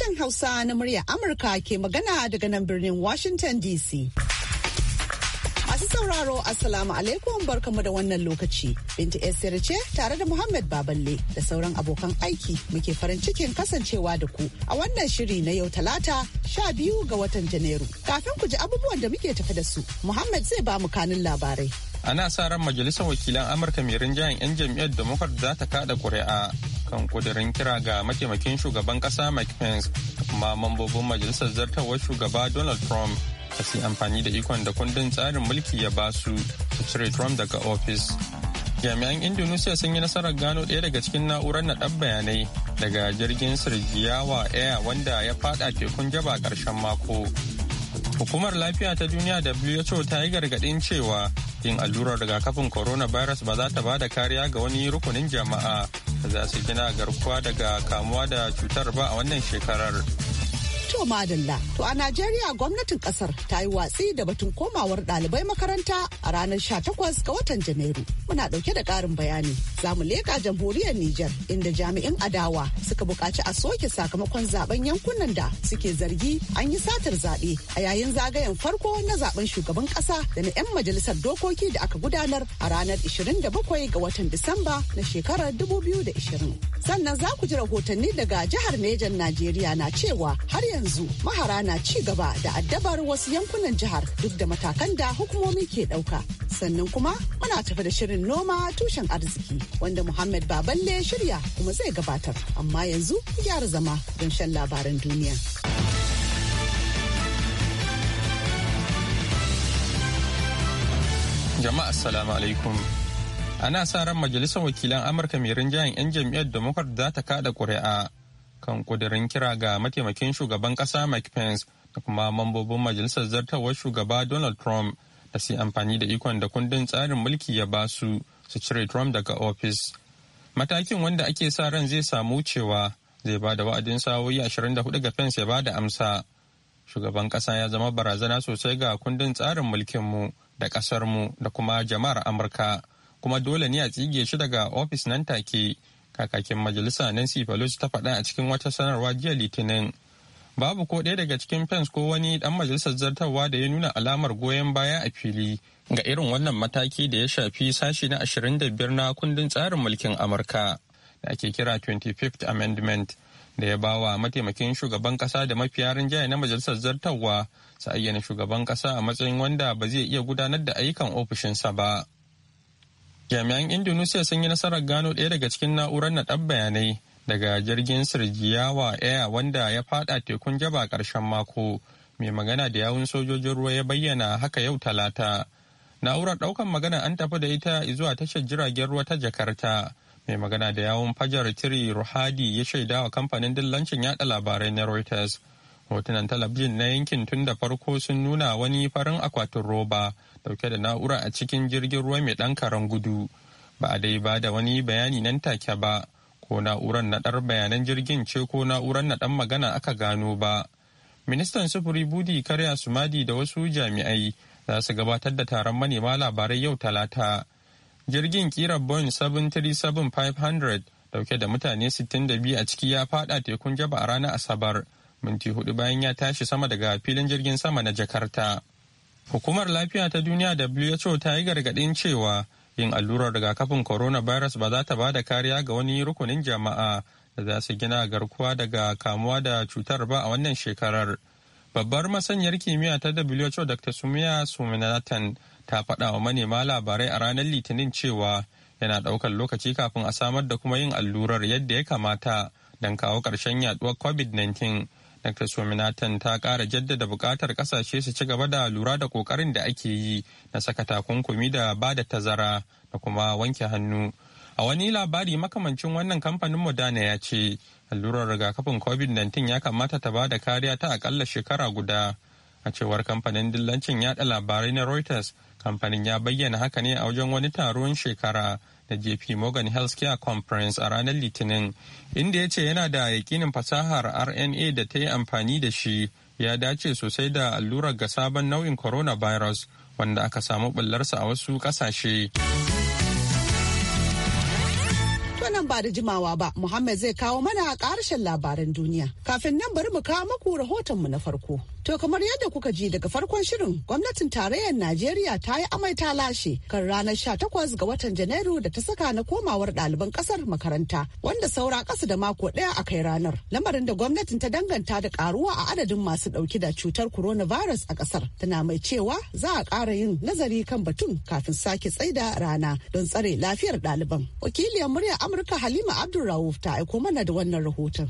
sashen Hausa na murya Amurka ke magana daga nan birnin Washington DC. Masu sauraro Assalamu alaikum barkamu da wannan lokaci. Binta Esther ce tare da Muhammad Baballe da sauran abokan aiki muke farin cikin kasancewa da ku a wannan shiri na yau talata sha biyu ga watan Janairu. Kafin ku ji abubuwan da muke tafi da su, Muhammad zai ba mu kanin labarai. Ana sa ran majalisar wakilan Amurka mai rinjayen 'yan jam'iyyar Democrat za ta kada ƙuri'a kan kudirin kira ga mataimakin shugaban kasa Mike Pence amma mambobin majalisar zartarwar shugaba Donald Trump da su amfani da ikon da kundin tsarin mulki ya ba su ta cire Trump daga ofis. Jami'an Indonesia sun yi nasarar gano ɗaya daga cikin na'urar na naɗar bayanai daga jirgin Sirgiyawa Air wanda ya faɗa tekun jaba ƙarshen mako. Hukumar lafiya ta duniya WHO ta yi gargaɗin cewa yin allurar rigakafin coronavirus ba za ta ba da kariya ga wani rukunin jama'a za su gina garkuwa daga kamuwa da cutar ba a wannan shekarar To madalla, to a Najeriya gwamnatin kasar ta yi watsi da batun komawar ɗalibai makaranta a ranar 18 ga watan Janairu. Muna ɗauke da ƙarin bayani. Za mu leƙa jamhuriyar Nijar inda jami'in adawa suka buƙaci a soke sakamakon zaben yankunan da suke zargi an yi satar zaɓe a yayin zagayen farko na zaben shugaban ƙasa da na 'yan majalisar dokoki da aka gudanar a ranar 27 ga watan Disamba na shekarar 2020. Sannan za ku ji rahotanni daga jihar Nejan Najeriya na cewa har yanzu yanzu mahara na ci gaba da addabar wasu yankunan jihar duk da matakan da hukumomi ke ɗauka. Sannan kuma muna tafi da shirin noma tushen arziki wanda Muhammad Baballe shirya kuma zai gabatar. Amma yanzu gyara zama don shan labaran duniya. Jama'a Assalamu alaikum. Ana sa ran Majalisar Wakilan Amurka mai rinjayen 'yan jam'iyyar Democrat za ta kada ƙuri'a kan kudirin kira ga mataimakin shugaban kasa Mike Pence da kuma mambobin majalisar zartarwar shugaba Donald Trump da su amfani da ikon da kundin tsarin mulki ya ba su su cire Trump daga ofis. Matakin wanda ake sa ran zai samu cewa zai ba da wa'adin sawoyi 24 ga Pence ya ba da amsa. Shugaban kasa ya zama barazana sosai ga kundin tsarin mulkinmu da ƙasarmu da kuma jama'ar Amurka, kuma dole ne a tsige shi daga ofis nan take. kakakin majalisa nancy pelosi ta faɗa a cikin wata sanarwa jiya litinin babu ko ɗaya daga cikin pence ko wani ɗan majalisar zartarwa da ya nuna alamar goyon baya a fili ga irin wannan mataki da ya shafi sashi na 25 na kundin tsarin mulkin amurka da ake kira 25th amendment da ya ba wa mataimakin shugaban kasa da mafiya rinjaye na majalisar zartarwa sa ayyana shugaban kasa a matsayin wanda ba zai iya gudanar da ayyukan ofishinsa ba. jami'an indonesia sun yi nasarar gano ɗaya daga cikin na'urar naɗar bayanai daga jirgin sirjiyawa air wanda ya fada tekun jaba karshen mako mai magana da yawun sojojin ruwa ya bayyana haka yau talata na'urar ɗaukan magana an tafi da ita zuwa tashar jiragen ruwa ta jakarta mai magana da yawun fajar tiri ruhadi ya shaida wa kamfanin dillancin yada labarai na reuters hotunan talabijin na yankin tun da farko sun nuna wani farin akwatin roba dauke da na'ura a cikin jirgin ruwa mai ɗan karen gudu ba a dai ba da wani bayani nan take ba ko na'urar naɗar bayanan jirgin ce ko na'urar naɗan magana aka gano ba ministan sufuri budi karya sumadi da wasu jami'ai za su gabatar da taron manema labarai yau talata jirgin kira boeing 737-500 dauke da mutane 62 a ciki ya fada tekun jaba a ranar asabar minti hudu bayan ya tashi sama daga filin jirgin sama na jakarta Hukumar lafiya ta duniya WHO ta yi gargaɗin cewa yin allurar rigakafin coronavirus ba za ta ba da kariya ga wani rukunin jama'a da za su gina garkuwa daga kamuwa da cutar ba a wannan shekarar. Babbar Masanyar kimiyya ta WHO Dr. Sumiya Suminatan ta faɗa wa manema labarai a ranar Litinin cewa yana ɗaukar lokaci kafin a samar da kuma yin allurar yadda ya kamata don kawo ƙarshen yaduwar COVID-19. Dr. Swaminathan ta kara jaddada buƙatar ƙasashe su ci gaba da lura da ƙoƙarin da ake yi na saka takunkumi da ba da tazara da kuma wanke hannu. A wani labari makamancin wannan kamfanin Moderna ya ce, allurar rigakafin COVID-19 ya kamata ta ba da kariya ta akalla shekara guda. A cewar kamfanin dillancin yada labarai na Reuters, kamfanin ya bayyana haka ne a wajen wani taron shekara na JP Morgan Healthcare Conference a ranar Litinin, inda ya ce yana da yakinin fasahar RNA da ta yi amfani da shi ya dace sosai da allurar ga sabon nau'in coronavirus wanda aka samu bullarsa a wasu ƙasashe. nan ba da jimawa ba Muhammad zai kawo mana ƙarshen labaran duniya. Kafin nan bari mu kawo rahoton mu na farko. To kamar yadda kuka ji daga farkon shirin gwamnatin tarayyar Najeriya ta yi amai ta lashe kan ranar takwas ga watan Janairu da ta saka na komawar ɗaliban ƙasar makaranta wanda saura ƙasa da mako ɗaya a kai ranar. Lamarin da gwamnatin ta danganta da ƙaruwa a adadin masu ɗauki da cutar coronavirus a ƙasar tana mai cewa za a ƙara yin nazari kan batun kafin sake tsaida rana don tsare lafiyar ɗaliban. Wakiliyar muryar Amurka Halima abdulrahuf ta aiko mana da wannan rahoton.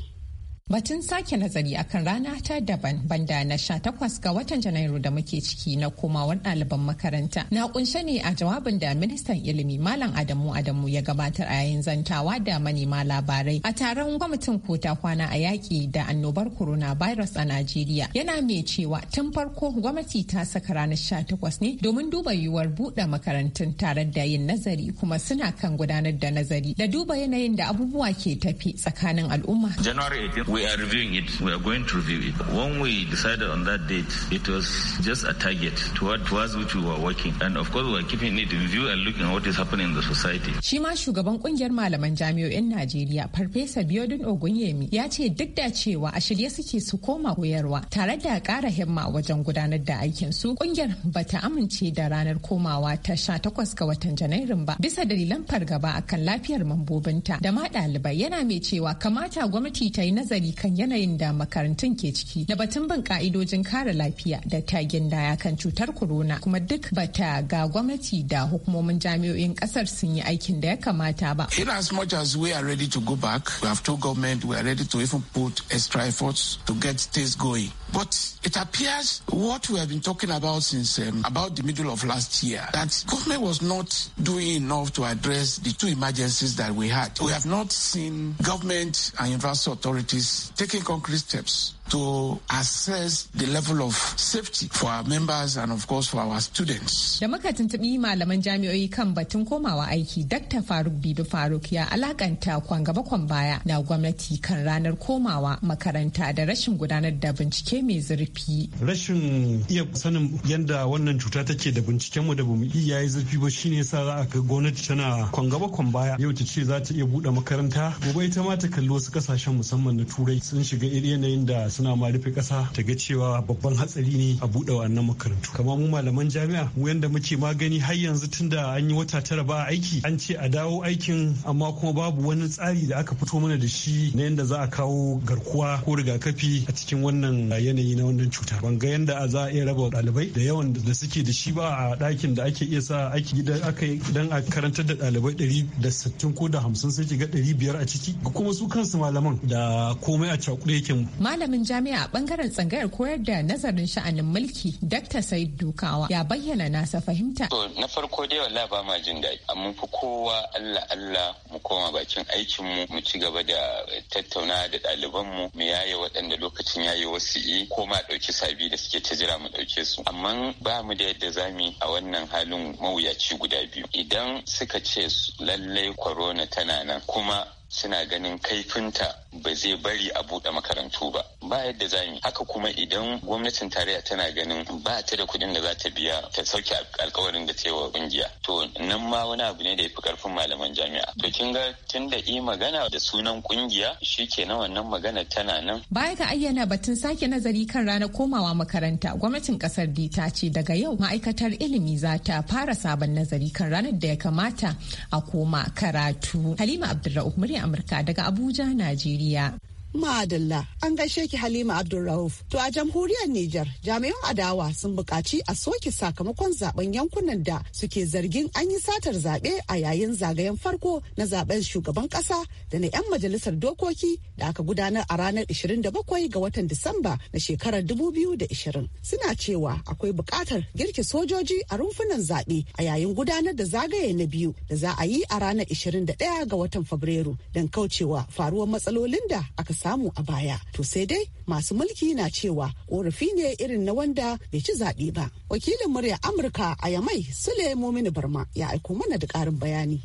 batun sake nazari akan rana ta daban banda na 18 ga watan janairu da muke ciki na komawar ɗaliban makaranta na kunshe ne a jawabin da ministan ilimi malam adamu adamu ya gabatar a yayin zantawa da manema labarai a taron gwamnatin kota kwana a yaƙi da annobar corona virus a najeriya yana mai cewa tun farko gwamnati ta saka ranar takwas ne domin duba yiwuwar buɗe makarantun tare da yin nazari kuma suna kan gudanar da nazari da duba yanayin da abubuwa ke tafi tsakanin al'umma january 18 we are reviewing it. We are going to review it. When we decided on that date, it was just a target towards which we were working. And of course, we are keeping it in view and looking at what is happening in the society. Shi shugaban kungiyar malaman jami'o'in Najeriya, Farfesa Biodun Ogunyemi, ya ce duk da cewa a shirye suke su koma koyarwa tare da ƙara himma wajen gudanar da aikin su, kungiyar ta amince da ranar komawa ta sha takwas ga watan Janairun ba bisa dalilan fargaba akan lafiyar mambobinta da ma ɗalibai yana mai cewa kamata gwamnati ta yi nazari hankali kan yanayin da makarantun ke ciki na batun bin ka'idojin kare lafiya da tagen daya kan cutar corona kuma duk bata ga gwamnati da hukumomin jami'o'in kasar sun yi aikin da ya kamata ba. In as much as we are ready to go back, we have told government we are ready to even put extra efforts to get things going. But it appears what we have been talking about since um, about the middle of last year that government was not doing enough to address the two emergencies that we had. We have not seen government and university authorities taking concrete steps to assess the level of safety for our members and of course for our students. Da muka tuntubi malaman jami'oi kan batun komawa aiki Dr. Faruk bidu Faruk ya alakanta kwan gaba kwan baya na gwamnati kan ranar komawa makaranta da rashin gudanar da bincike mai zurfi. Rashin iya sanin yadda wannan cuta take da binciken mu da bamu iya yayi zurfi ba shine yasa za a ga gwamnati tana kwan gaba kwan baya yau ta ce za ta iya buɗe makaranta gobe ita ma ta kalli wasu kasashen musamman na turai sun shiga yanayin da suna ma rufe ƙasa ta ga cewa babban hatsari ne a buɗe wannan makarantu kamar mu malaman jami'a mu yanda muke magani har yanzu tunda an yi wata tara ba aiki an ce a dawo aikin amma kuma babu wani tsari da aka fito mana da shi na yanda za a kawo garkuwa ko rigakafi a cikin wannan yanayi na wannan cuta ban ga yanda za a iya raba ɗalibai da yawan da suke da shi ba a ɗakin da ake iya sa aiki gidan aka dan a karantar da ɗalibai ɗari da sittin ko da hamsin sai ki ga ɗari biyar a ciki kuma su kansu malaman da komai a cakuɗe yake malamin malamin jami'a a bangaren tsangayar koyar da nazarin sha'anin mulki Dr. Said Dukawa ya bayyana nasa fahimta. To na farko dai wallahi ba ma jin daɗi amma fi kowa Allah Allah mu koma bakin aikin mu mu ci gaba da tattauna da ɗaliban mu mu yaye waɗanda lokacin yayi wasu yi ko ma ɗauki sabi da suke ta jira mu ɗauke su amma ba mu da yadda zamu a wannan halin mawuyaci guda biyu idan suka ce lallai corona tana nan kuma suna ganin kaifinta ba zai bari a buɗe makarantu ba ba yadda za mu haka kuma idan gwamnatin tarayya tana ganin ba ta da kuɗin da za ta biya ta sauke alkawarin da ta yi wa ƙungiya to nan ma wani abu ne da ya fi ƙarfin malaman jami'a to kin ga tun da i magana da sunan ƙungiya shi ke na wannan magana tana nan baya ga ayyana batun sake nazari kan ranar komawa makaranta gwamnatin ƙasar D ta ce daga yau ma'aikatar ilimi za ta fara sabon nazari kan ranar da ya kamata a koma karatu halima abdulra'uf murya amurka daga abuja najeriya ma'adalla an gaishe ki Halima Abdulrauf. To a jamhuriyar Nijar jami'an adawa sun bukaci a soke sakamakon zaben yankunan da suke zargin an yi satar zaɓe a yayin zagayen farko na zaben shugaban ƙasa da na 'yan majalisar dokoki da aka gudanar a ranar 27 ga watan Disamba na shekarar 2020. Suna cewa akwai bukatar girke sojoji a rumfunan zaɓe a yayin gudanar da zagaye na biyu da za a yi a ranar 21 ga watan Fabrairu don kaucewa faruwar matsalolin da aka samu a baya to sai dai masu mulki na cewa ƙorafi ne irin na wanda bai ci zaɓe ba wakilin murya amurka a yamai sule mumini barma ya aiko mana da ƙarin bayani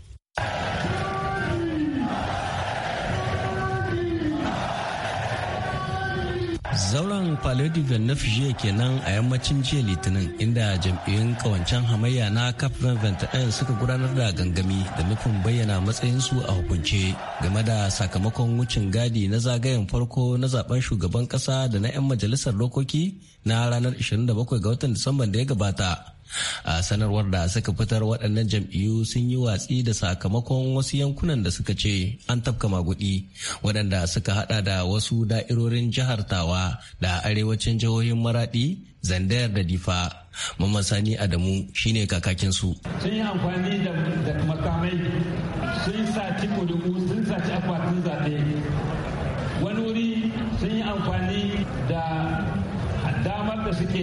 Zauren Palodi Vennafiye kenan a yammacin jiya Litinin inda jam'iyyun kawancen hamayya na CAP 21 suka gudanar da gangami da nufin bayyana matsayinsu a hukunce game da sakamakon wucin gadi na zagayen farko na zaben shugaban kasa da na 'yan majalisar dokoki na ranar 27 ga watan Disamban da ya gabata. a sanarwar da suka fitar waɗannan jam'iyyu sun yi watsi da sakamakon wasu yankunan da suka ce an tafka magudi waɗanda suka haɗa da wasu da'irorin jihar tawa da arewacin jihohin maraɗi, zandayar da difa mamman sani adamu shine kakakinsu sun yi amfani da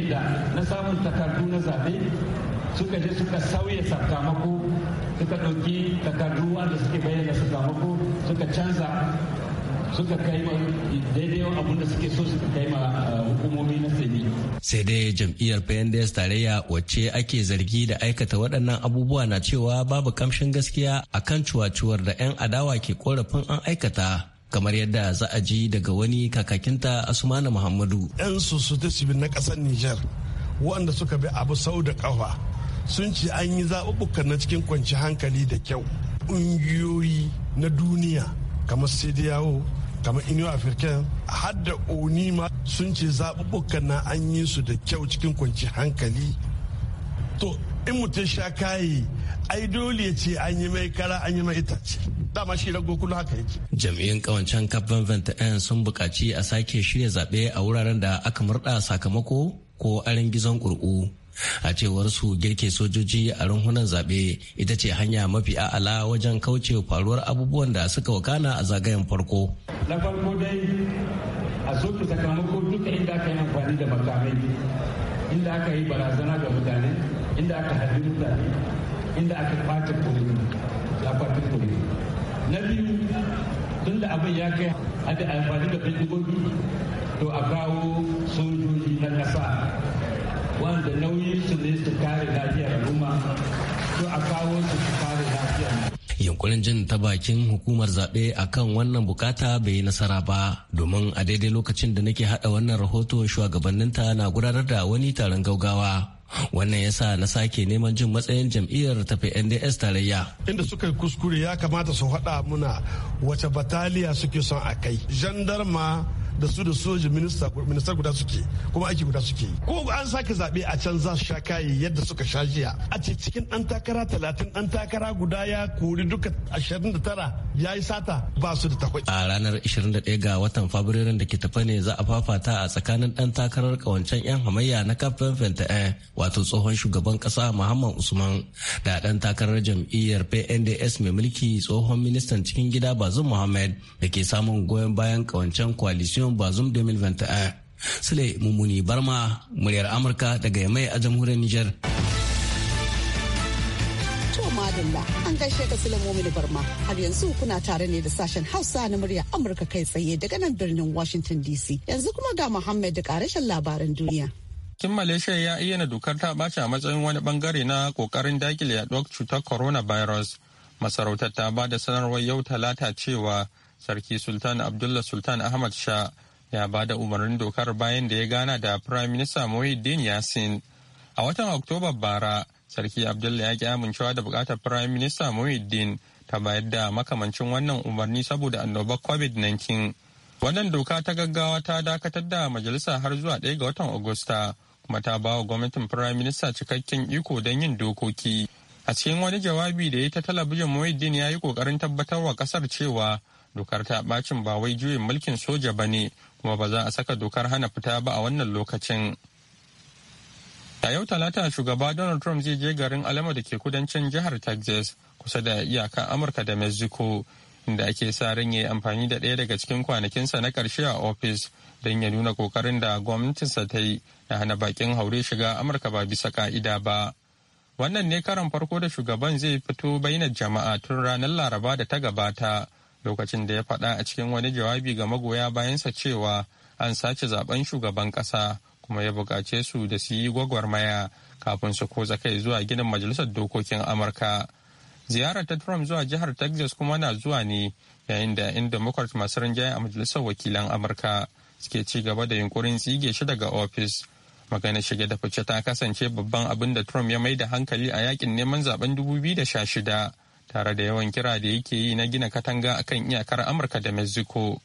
da na samun takardu na zaɓe suka je suka sauya sakamako suka ɗauki takardu wanda suke bayyana sakamako suka canza suka kai ma daidai abun da suke so suka kai ma eh, hukumomi na sani. Sai dai jam'iyyar PNDS tarayya wacce ake zargi da aikata waɗannan abubuwa na cewa babu kamshin gaskiya akan cuwacuwar da 'yan adawa ke korafin an aikata kamar yadda za a ji daga wani kakakinta asumana muhammadu yan sosote civil na kasar niger wanda suka bi abu sau da kafa sun ce an yi zaɓuɓɓukan na cikin kwanci hankali da kyau ƙungiyoyi na duniya kamar cdao kamar inu african har da onima sun ce zaɓuɓɓukan na an yi su da kyau cikin kwanci hankali to in mutum sha kayi ai dole ce an yi mai kara an yi mai itace dama shi rago kullu haka yake jam'iyyun kawancan kafin venta sun buƙaci a sake shirya zaɓe a wuraren da aka murɗa sakamako ko arin gizon ƙurƙu a cewar su girke sojoji a runhunan zaɓe ita ce hanya mafi a'ala wajen kauce faruwar abubuwan da suka wakana a zagayen farko na farko dai a soke sakamako duka inda aka yi amfani da makamai inda aka yi barazana ga mutane inda aka haɗu mutane inda aka ɓata ya akwatin kudin na biyu tun da abin ya kai hada amfani da bindigogi to a kawo sojoji na kasa wanda nauyin su ne su kare lafiyar al'umma to a kawo su su kare lafiyar yunkurin jin ta bakin hukumar zaɓe a kan wannan bukata bai yi nasara ba domin a daidai lokacin da nake haɗa wannan rahoto shugabanninta na gudanar da wani taron gaugawa wannan ya sa na sake neman jin matsayin jam'iyyar tafi nds tarayya inda suka yi kuskure ya kamata su haɗa muna wace bataliya suke son a kai jandarma da su da soja minista ministar guda suke kuma aiki guda suke ko an sake zaɓe a can za su sha kayi yadda suka sha jiya a ce cikin ɗan takara talatin ɗan takara guda ya kori duka ashirin da tara ya yi sata ba su da takwai. a ranar 21 ga watan fabrairun da ke tafa ne za a fafata a tsakanin ɗan takarar kawancen 'yan hamayya na kafin fenta'e wato tsohon shugaban ƙasa muhammad usman da ɗan takarar jam'iyyar pnds mai mulki tsohon ministan cikin gida bazum muhammad da ke samun goyon bayan kawancen coalition Constitution Bazoum 2021. Sule Mummuni Barma, muryar Amurka daga Yamai a jamhuriyar Nijar. Madalla an gaishe ka sule da Barma har yanzu kuna tare ne da sashen Hausa na murya Amurka kai tsaye daga nan birnin Washington DC yanzu kuma ga Muhammad da karashen labaran duniya. Kin Malaysia ya ayyana dokar ta ɓace a matsayin wani bangare na kokarin dakile yaduwar cutar coronavirus. Masarautar ta ba da sanarwar yau talata cewa sarki sultan abdullah sultan ahmad sha ya ba da umarnin dokar bayan da ya gana da prime minister muhyiddin yasin a watan oktoba bara sarki abdullah ya ki amincewa da bukatar prime minister muhyiddin ta bayar da makamancin wannan umarni saboda annobar covid-19 wannan doka ta gaggawa ta dakatar da majalisa har zuwa ɗaya ga watan agusta kuma ta ba wa gwamnatin prime minister cikakken iko don yin dokoki a cikin wani jawabi da ya ta talabijin muhyiddin ya yi kokarin tabbatar wa ƙasar cewa dokar ta bacin ba wai juyin mulkin soja ba ne kuma ba za a saka dokar hana fita ba a wannan lokacin a yau talata shugaba donald trump zai je garin alama da ke kudancin jihar texas kusa da iyaka amurka da mexico inda ake sa ran ya yi amfani da ɗaya daga cikin kwanakinsa na ƙarshe a ofis don ya nuna kokarin da gwamnatinsa ta yi na hana bakin haure shiga amurka ba bisa ka'ida ba wannan ne karan farko da shugaban zai fito bainar jama'a tun ranar laraba da ta gabata lokacin da ya faɗa a cikin wani jawabi ga magoya bayansa cewa an sace zaben shugaban ƙasa kuma ya buƙace su da su yi gwagwarmaya kafin su koza kai zuwa gidan majalisar dokokin amurka ziyarar ta trump zuwa jihar texas kuma na zuwa ne yayin da 'yan democrat masu rinjaye a majalisar wakilan amurka suke ci gaba da yunkurin tsige shi daga ofis magana shige da fice ta kasance babban abin da trump ya mai da hankali a yakin neman zaben 2016 tare da yawan kira da yake yi na gina katanga akan iyakar amurka da mexico.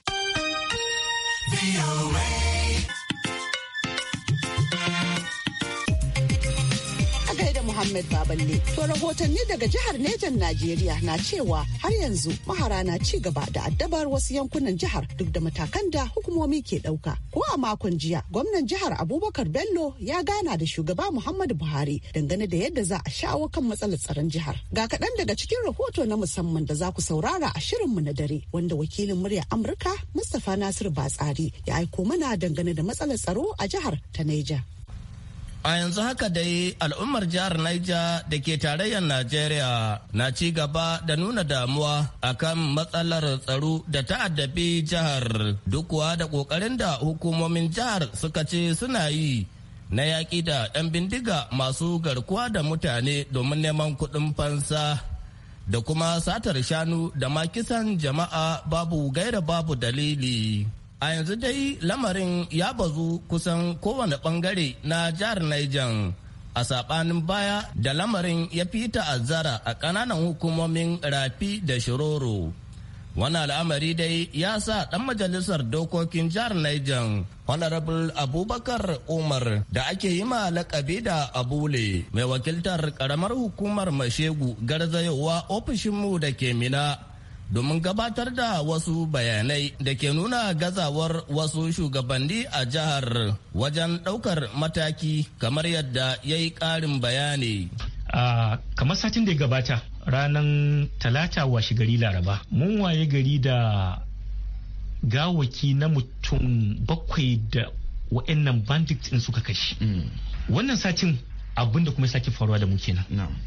Ahmed Baballe. To rahotanni daga jihar Nejan Najeriya na cewa har yanzu mahara na ci gaba da addabar wasu yankunan jihar duk da matakan da hukumomi ke ɗauka. Ko a makon jiya gwamnan jihar Abubakar Bello ya gana da shugaba Muhammadu Buhari dangane da yadda za a shawo kan matsalar tsaron jihar. Ga kaɗan daga cikin rahoto na musamman da za ku saurara a shirin mu na dare wanda wakilin murya Amurka Mustapha Nasir Batsari ya aiko mana dangane da matsalar tsaro a jihar ta Neja. A yanzu haka dai al'ummar jihar Niger da ke tarayyar Najeriya na ci gaba da nuna damuwa akan matsalar tsaro da ta'addabi jihar duk kuwa da ƙoƙarin da hukumomin jihar suka ce suna yi na yaƙi da 'yan bindiga masu garkuwa da mutane domin neman kuɗin fansa da kuma satar shanu da makisan jama'a babu gaira babu dalili. A yanzu dai lamarin ya bazu kusan kowane bangare na jihar Niger. A saɓanin baya da lamarin ya fi ta'azzara a ƙananan hukumomin rafi da shiroro. Wani al'amari dai ya sa ɗan majalisar dokokin jihar Niger Honorable Abubakar Umar da ake yi ma lakabi da Abule mai wakiltar ƙaramar hukumar Mashegu garzayowa ofishinmu da ke Mina domin gabatar da wasu bayanai da ke nuna gazawar wasu shugabanni a jihar wajen ɗaukar mataki kamar yadda ya yi ƙarin bayani. Uh, kamar satin da ya gabata ranar talata washe gari laraba mun waye gari da gawaki na mutum bakwai da wa'annan bandit in suka kashi mm. wannan satin abin da kuma sake faruwa da mu kenan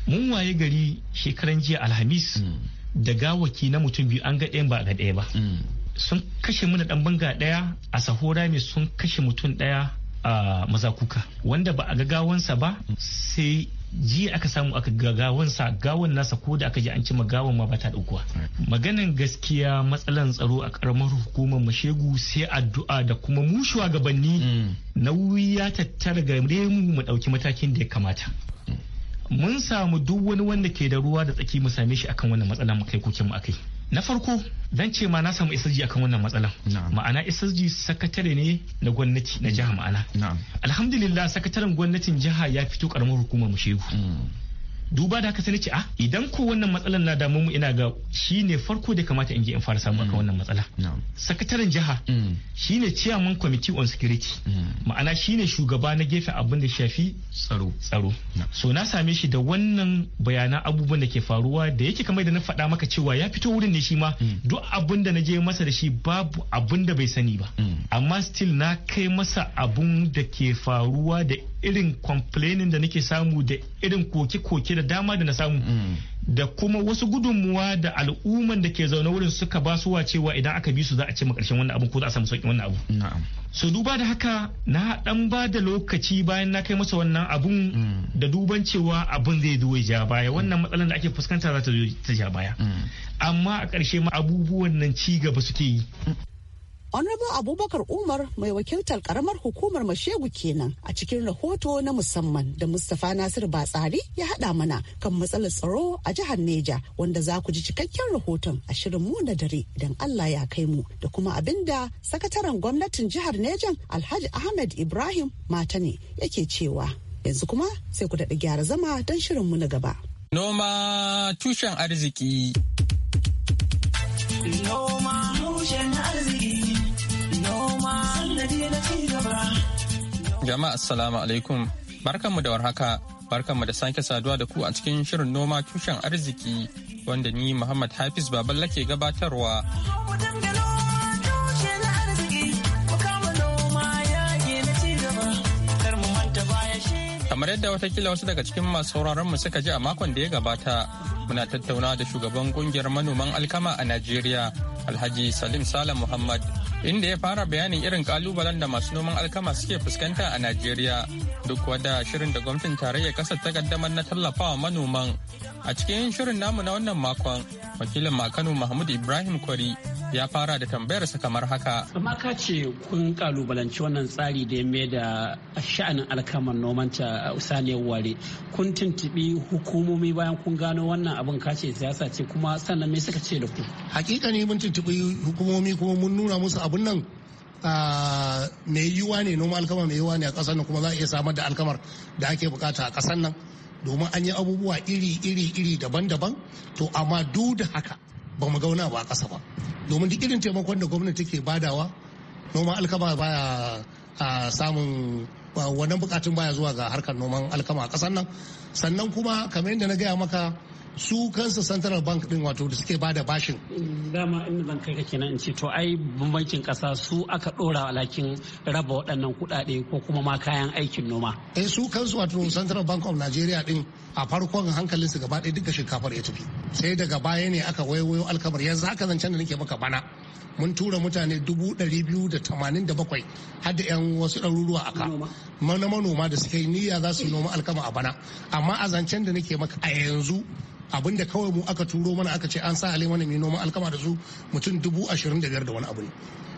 mun waye gari shekaran jiya alhamis mm. da gawaki na mutum biyu an ga ɗayan ba ga ɗaya ba mm. sun kashe mana ɗan banga ɗaya a sahora mai sun kashe mutum ɗaya a mazakuka wanda ba a ga gawansa ba sai jiya aka samu aka ga gawan sa gawan nasa ko da aka ji an cima gawan ma ba ta dauko maganin gaskiya matsalan tsaro a karamar hukumar mashegu sai addu'a da kuma mu shugabanni mm. nauyi ya tattara gare mu mu dauki matakin da ya kamata mm. mun samu duk wani wanda ke da ruwa da tsaki mu same shi akan wannan matsalan mu kai kokin mu akai na farko zan ce ma na samu SSG akan wannan matsalan ma'ana SSG sakatare ne na gwamnati na jiha ma'ana alhamdulillah sakataren gwamnatin jiha ya fito karamar hukumar mu shehu hmm. duba da haka sai ce ah idan ko wannan matsalar na damu mu ina ga shi ne farko da kamata in je in fara samu akan wannan matsala sakataren jiha mm. Shi ne chairman kwamiti on security mm. ma'ana shi ne shugaba na gefe abin da shafi tsaro tsaro so na same shi da wannan bayanan abubuwan da ke faruwa da yake kamar da na faɗa maka cewa ya fito wurin ne shi ma mm. duk abin da na je masa da shi babu abin da bai sani ba amma still na kai masa abun da ke faruwa da irin complaining da nake samu da irin koke-koke da dama da na samu mm. da kuma wasu gudunmuwa da al'umman da ke zaune wurin suka ba su cewa idan aka bi su za a ce karshen wannan abun ko za a samu sauƙin wannan abu. So duba da haka na dan ba da lokaci bayan na kai masa wannan abun mm. da duban cewa abun zai zo ya baya wannan mm. matsalar da ake fuskanta za ta zo ta baya. Amma a karshe ma abubuwan nan ci gaba suke yi. Honorable Abubakar Umar mai wakiltar karamar hukumar Mashegu kenan a cikin rahoto na musamman da Mustapha Nasir Batsari ya haɗa mana kan matsalar tsaro a jihar Neja wanda za ku ji cikakken rahoton a shirin mu na dare idan Allah ya kai mu da kuma abinda sakataren gwamnatin jihar neja Alhaji Ahmed Ibrahim mata ne yake cewa yanzu kuma sai ku daɗi gyara zama don shirin mu na gaba. Noma tushen arziki. Noma tushen Jama'a assalamu alaikum barkanmu da warhaka barkanmu da sake saduwa da ku a cikin shirin noma tushen arziki wanda ni Muhammad Hafiz Baballa ke gabatarwa. Kamar yadda watakila wasu daga cikin masu mu suka ji a makon da ya gabata muna tattauna da shugaban kungiyar manoman alkama a Najeriya Alhaji Salim Salam Muhammad inda ya fara bayanin irin kalubalen da masu noman alkama suke fuskanta a Najeriya duk wada shirin da gwamnatin tarayyar kasar ta kaddamar na tallafawa manoman. A cikin shirin namu na wannan makon, wakilin Makano Mahmud Ibrahim Kwari ya fara da tambayarsa kamar haka. Amma ka ce kun kalubalanci wannan tsari da ya mai da sha'anin noman nomanta uh, saniyar ware. Kun tuntuɓi hukumomi bayan kun gano wannan abin ka ce siyasa ce kuma sannan me suka ce da ku? Hakika ne mun tuntuɓi hukumomi kuma mun nuna musu abin nan uh, mai yiwuwa ne noma alkama mai yiwuwa ne a ƙasar nan kuma za a iya samar da alkamar da ake bukata a ƙasar nan domin an yi abubuwa iri iri iri daban-daban to amma duk da haka ba mu gauna ba a ƙasa ba domin duk irin taimakon da gwamnati take badawa noman alkama baya a samun wannan bukatun baya zuwa ga harkar noman alkama a ƙasar nan sannan kuma kamar yadda na gaya maka su kansu central bank din wato da suke bada bashin dama inda zan kai kenan in ce to ai bankin kasa su aka dora alakin raba waɗannan kuɗaɗe ko kuma ma kayan aikin noma eh su kansu wato central bank of nigeria din a farkon hankalin su gaba ɗaya duka shinkafar ya tafi sai daga baya ne aka wayo alkamar yanzu haka zancen da nake maka bana mun tura mutane 287 har da 'yan wasu ɗaruruwa aka na manoma da suka yi niyya za su yi noma alkama a bana amma a zancen da nake maka a yanzu abin da kawai mu aka turo mana aka ce an sa hali mana mai noman alkama da su mutum dubu da biyar da wani abu ne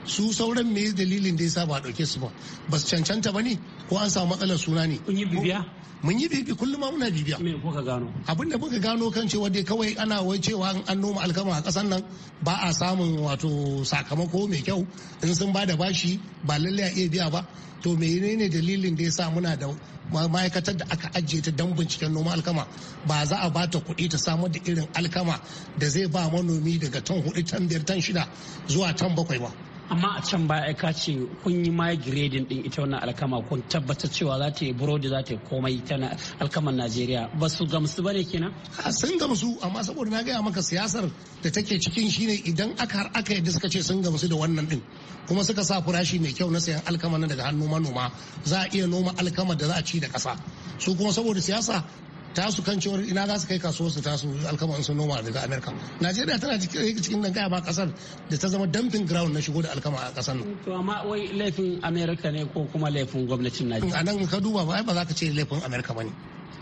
su sauran me dalilin da ya ba dauke su ba ba su cancanta ba ne ko an samu matsalar suna ne kun yi bibiya mun yi bibiya kullum ma muna bibiya me gano abin da muka gano kan cewa dai kawai ana wai cewa an noma alkama a kasan nan ba a samun wato sakamako mai kyau in sun ba da bashi ba lallai a iya biya ba to menene dalilin da ya sa muna da ma'aikatar da aka ajiye ta don binciken noma alkama ba za a bata kuɗi ta samar da irin alkama da zai ba manomi daga tan hudu tan biyar tan shida zuwa tan bakwai ba amma a can baya ka ce kun yi ma giredin din ita wannan alkama kun tabbatar cewa za ta yi burodi za ta yi komai ta alkaman najeriya ba su gamsu ba ne kenan sun gamsu amma saboda na gaya maka siyasar da take cikin shine idan aka har aka yadda suka ce sun gamsu da wannan din kuma suka sa furashi mai kyau na sayan alkama na daga hannu manoma za a iya noma alkama da za a ci da kasa su kuma saboda siyasa tasu kan cewar ina za su kai kasuwar su tasu alkama su noma daga amerika najeriya tana cikin nan gaya ba kasar da ta zama dumping ground na shigo da alkama a kasar nan to amma wai laifin amerika ne ko kuma laifin gwamnatin najeriya a nan ka duba ba ba za ka ce laifin amerika ba ne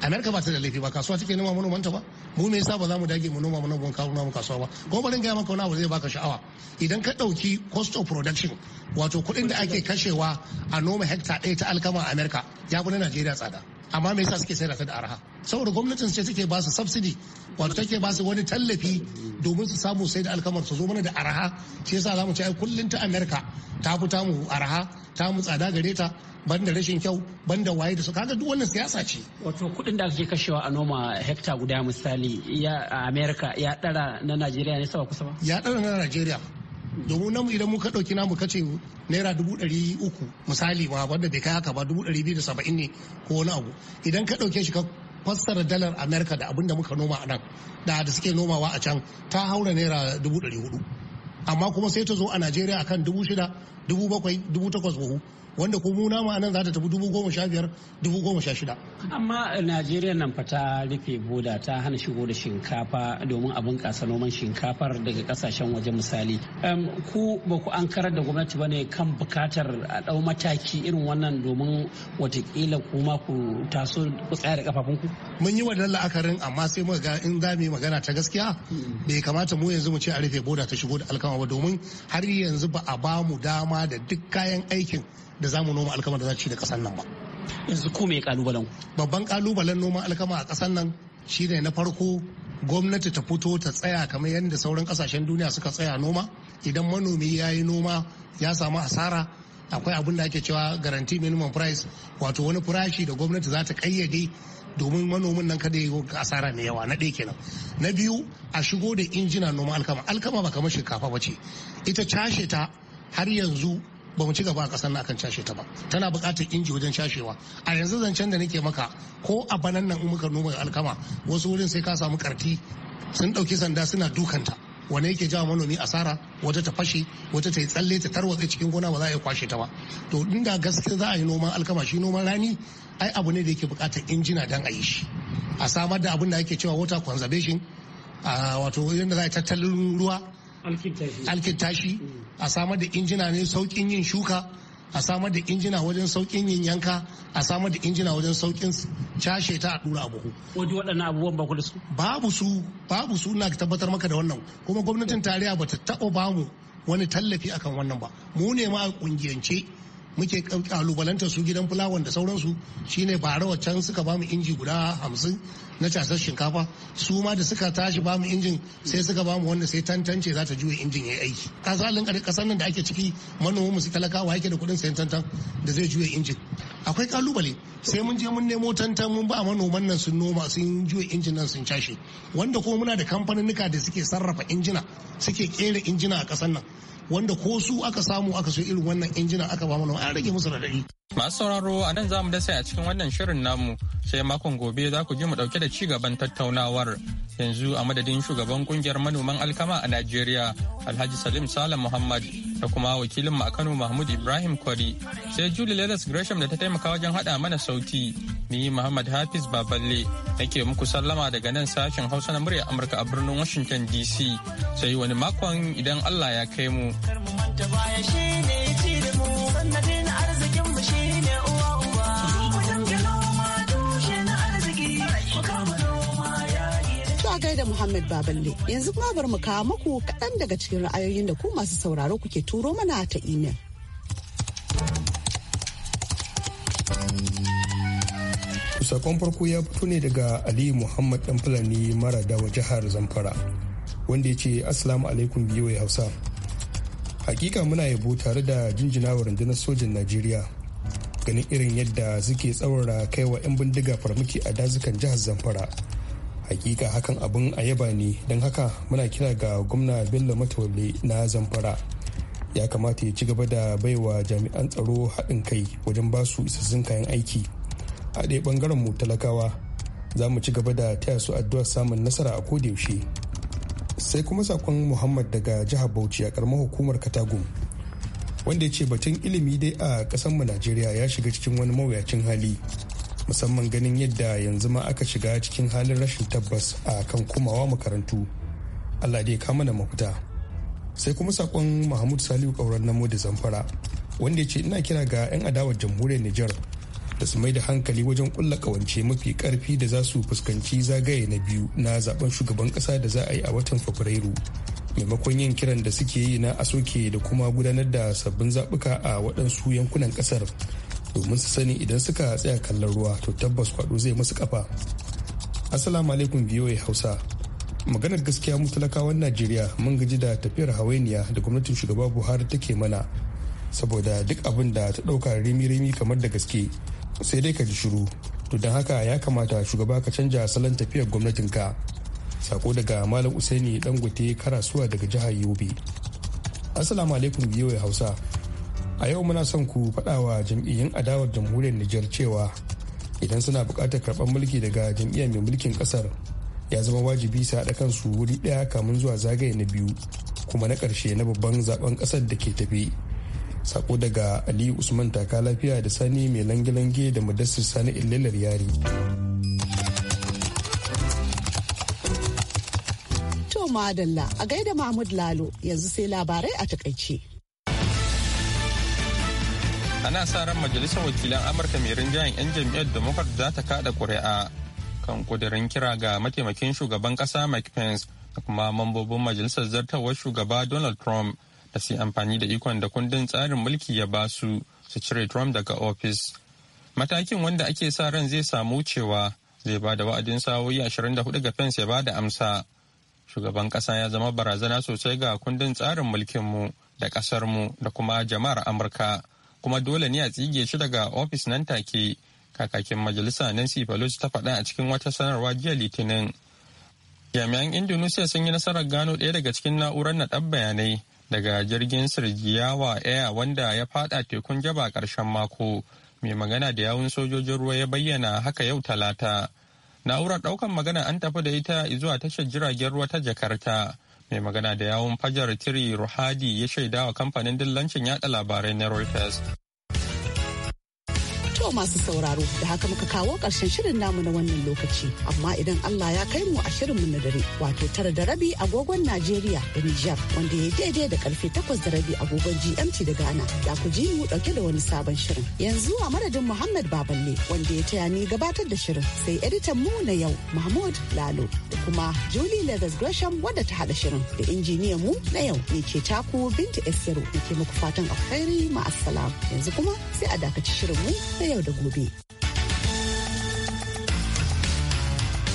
amerika ba ta da laifi ba kasuwa take noma manomanta ba mu me yasa ba za mu dage mu noma mana gon kawo mu kasuwa ba ko bari ga maka wani abu zai baka sha'awa idan ka dauki cost of production wato kuɗin da ake kashewa a noma hectare ɗaya ta alkama a amerika ya na najeriya tsada amma me yasa suke sayar da arha saboda gwamnatin ce take ba su subsidy wato take ba su wani tallafi domin su samu sai da alkamar su zo mana da arha shi yasa zamu ci ai kullun ta America ta fita mu arha ta mu tsada gare ta banda rashin kyau banda waye da su kaga duk wannan siyasa ce wato kudin da ake kashewa a noma hekta guda misali ya a America ya dara na Najeriya ne sawa kusa ba ya dara na Najeriya domin namu idan muka ɗauki namu kace naira dubu ɗari uku misali ba wanda bai kai haka ba dubu ɗari biyu da saba'in ne ko wani abu idan ka ɗauki shi ka fassara dalar amerika da abin da muka noma a nan da da suke nomawa a can ta haura naira dubu ɗari hudu amma kuma sai ta zo a najeriya akan dubu shida dubu bakwai dubu takwas buhu wanda ko mu namu anan za ta tafi dubu goma sha biyar dubu goma sha shida. amma najeriya nan fata rufe boda ta hana shigo da shinkafa domin a bunƙasa noman shinkafar daga kasashen waje misali ku ba ku an karar da gwamnati ba ne kan bukatar a ɗau mataki irin wannan domin watakila kuma ku taso ku tsaya da kafafunku. mun yi wannan la'akarin amma sai muka ga in za mu yi magana ta gaskiya bai kamata mu yanzu mu ce a rufe boda ta shigo da alkama ba domin har yanzu ba a bamu dama da duk kayan aikin da za mu noma alkama da za ci da ƙasar nan ba. Yanzu ko me kalubalen? Babban kalubalen noman alkama a ƙasar nan shi ne na farko gwamnati ta fito ta tsaya kamar yadda sauran ƙasashen duniya suka tsaya noma idan manomi ya yi noma ya samu asara akwai abin da ake cewa garanti minimum price wato wani farashi da gwamnati za ta kayyade domin manomin nan kada ya yi asara mai yawa na ɗaya kenan na biyu a shigo da injina noma alkama alkama ba kamar shinkafa ba ce ita cashe ta har yanzu ba mu ci gaba a kasar nan akan cashe ta ba tana buƙatar inji wajen cashewa a yanzu zancen da nake maka ko a banan nan in muka noma alkama wasu wurin sai ka samu karti sun ɗauki sanda suna dukanta wane yake jawo manomi asara wata ta fashe wata ta yi tsalle ta tarwatsa cikin gona ba za a yi kwashe ta ba to inda gaske za a yi noman alkama shi noman rani ai abu ne da yake buƙatar injina don a yi shi a samar da abin da ake cewa water conservation wato yadda za a tattalin ruwa alkinta a samar da injina ne saukin yin shuka a samar da injina wajen saukin yin yanka a samar da injina wajen saukin cashe ta a dura abu wadi waɗannan abubuwan ba da su babu su babu su na tabbatar maka da wannan kuma gwamnatin tarayya ta taɓa bamu wani tallafi akan wannan ba mu ne ma a kungiyance muke ƙalubalanta su gidan fulawan da sauransu shine bara can suka bamu inji guda hamsin na casar shinkafa su ma da suka tashi bamu injin sai suka bamu wanda sai tantance za ta juya injin ya yi aiki kasalin kasar nan da ake ciki manoman su talakawa yake da kudin sayan tantan da zai juya injin akwai kalubale sai mun je mun nemo tantan mun ba manoman nan sun noma sun juya injin nan sun cashe wanda ko muna da kamfaninnika da suke sarrafa injina suke kera injina a kasar nan wanda ko su aka samu aka so irin wannan injina aka ba manoma an rage musu radadi Masu sauraro a nan zamu dasa a cikin wannan shirin namu sai makon gobe za ku ji mu dauke da ci gaban tattaunawar. Yanzu a madadin shugaban kungiyar manoman alkama a Najeriya Alhaji Salim Salam Muhammad da kuma wakilin mu a Kano Mahmud Ibrahim Kwari sai Julie Lelis Gresham da ta taimaka wajen hada mana sauti. Ni Muhammad Hafiz Baballe nake muku sallama daga nan sashen Hausa na murya Amurka a birnin Washington DC sai wani makon idan Allah ya kai mu. da Muhammad Baballe. Yanzu kuma bar mu kawo muku kaɗan daga cikin ra'ayoyin da ku masu sauraro kuke turo mana ta imel. Sakon farko ya fito ne daga Ali Muhammad Dan Fulani mara dawa jihar Zamfara wanda ya ce Assalamu alaikum biyoyi Hausa. Hakika muna yabo tare da jinjinawa rundunar sojin Najeriya ganin irin yadda suke tsaurara kaiwa 'yan bindiga farmaki a dazukan jihar Zamfara. hakika hakan abun a yaba ne don haka muna kira ga gwamna bello matawalle na zamfara ya kamata ya ci gaba da baiwa jami'an tsaro haɗin kai wajen ba su isassun kayan aiki a ɗaya ɓangaren mu talakawa za mu ci gaba da taya su addu'a samun nasara a yaushe sai kuma sakon muhammad daga jihar bauchi a karamar hukumar katagum wanda ya ce batun ilimi dai a mu najeriya ya shiga cikin wani mawuyacin hali musamman ganin yadda yanzu ma aka shiga cikin halin rashin tabbas a kan kumawa makarantu allah dai kama da mafita sai kuma sakon mahmud saliu kauran namo da zamfara wanda ya ce ina kira ga 'yan adawar jamhuriyar niger da su mai da hankali wajen kulla kawance mafi karfi da za su fuskanci zagaye na biyu na zaben shugaban kasa da za a yi a watan fabrairu maimakon yin kiran da suke yi na a soke da kuma gudanar da sabbin zaɓuka a waɗansu yankunan ƙasar domin su sani idan suka tsaya kallon ruwa to tabbas kwado zai musu kafa assalamu alaikum hausa maganar gaskiya mu talakawan najeriya mun gaji da tafiyar hawainiya da gwamnatin shugaba buhari take mana saboda duk abin da ta ɗauka rimi-rimi kamar da gaske sai dai ka ji shiru to don haka ya kamata shugaba ka canja salon tafiyar gwamnatin ka. sako daga malam usaini dangote karasuwa daga jihar yobe assalamu alaikum biyoyi hausa a yau muna son ku faɗawa wa jam'iyyun adawar jamhuriyar nijar cewa idan suna buƙatar karɓar mulki daga jam'iyyar mai mulkin ƙasar ya zama wajibi su haɗa kansu wuri ɗaya kamun zuwa zagaye na biyu kuma na ƙarshe na babban zaben ƙasar da ke tafi sako daga ali usman taka lafiya da sani mai langilange da mudassir sani illalar yari to madalla a gaida mahmud lalo yanzu sai labarai a takaice ana sa ran majalisar wakilan amurka mai rinjayen 'yan jam'iyyar democrat za ta kada kuri'a kan kudirin kira ga mataimakin shugaban kasa mike pence da kuma mambobin majalisar zartawar shugaba donald trump da su amfani da ikon da kundin tsarin mulki ya ba su su cire trump daga ofis matakin wanda ake sa ran zai samu cewa zai ba da wa'adin da hudu ga pence ya ba da amsa shugaban kasa ya zama barazana sosai ga kundin tsarin mulkinmu da kasarmu da kuma jama'ar amurka kuma dole ne a tsige shi daga ofis nan take kakakin majalisa nancy pelosi ta faɗa a cikin wata sanarwa jiya litinin jami'an indonesia sun yi nasarar gano ɗaya daga cikin na'urar naɗar bayanai daga jirgin sirjiyawa air wanda ya faɗa tekun jaba karshen mako mai magana da yawun sojojin ruwa ya bayyana haka yau talata na'urar ɗaukan magana an tafi da ita zuwa tashar jiragen ruwa ta jakarta mai magana da yawun fajar tiri ruhadi ya shaidawa kamfanin dillancin yada labarai na reuters To masu sauraro da haka muka kawo ƙarshen shirin namu na wannan lokaci. Amma idan Allah ya kai mu a shirinmu na dare wato tara da rabi agogon Najeriya da Nijar wanda ya daidai da karfe takwas da rabi agogon GMT da Ghana. Da ku ji mu ɗauke da wani sabon shirin. Yanzu a madadin Muhammad Baballe wanda ya taya ni gabatar da shirin sai editan mu na yau Mahmud Lalo da kuma Julie Leathers Gresham wadda ta haɗa shirin da injiniyan mu na yau ne ke taku Binta Esiru muke muku fatan alkhairi ma'assalam yanzu kuma sai a dakaci shirin mu yau da gobe.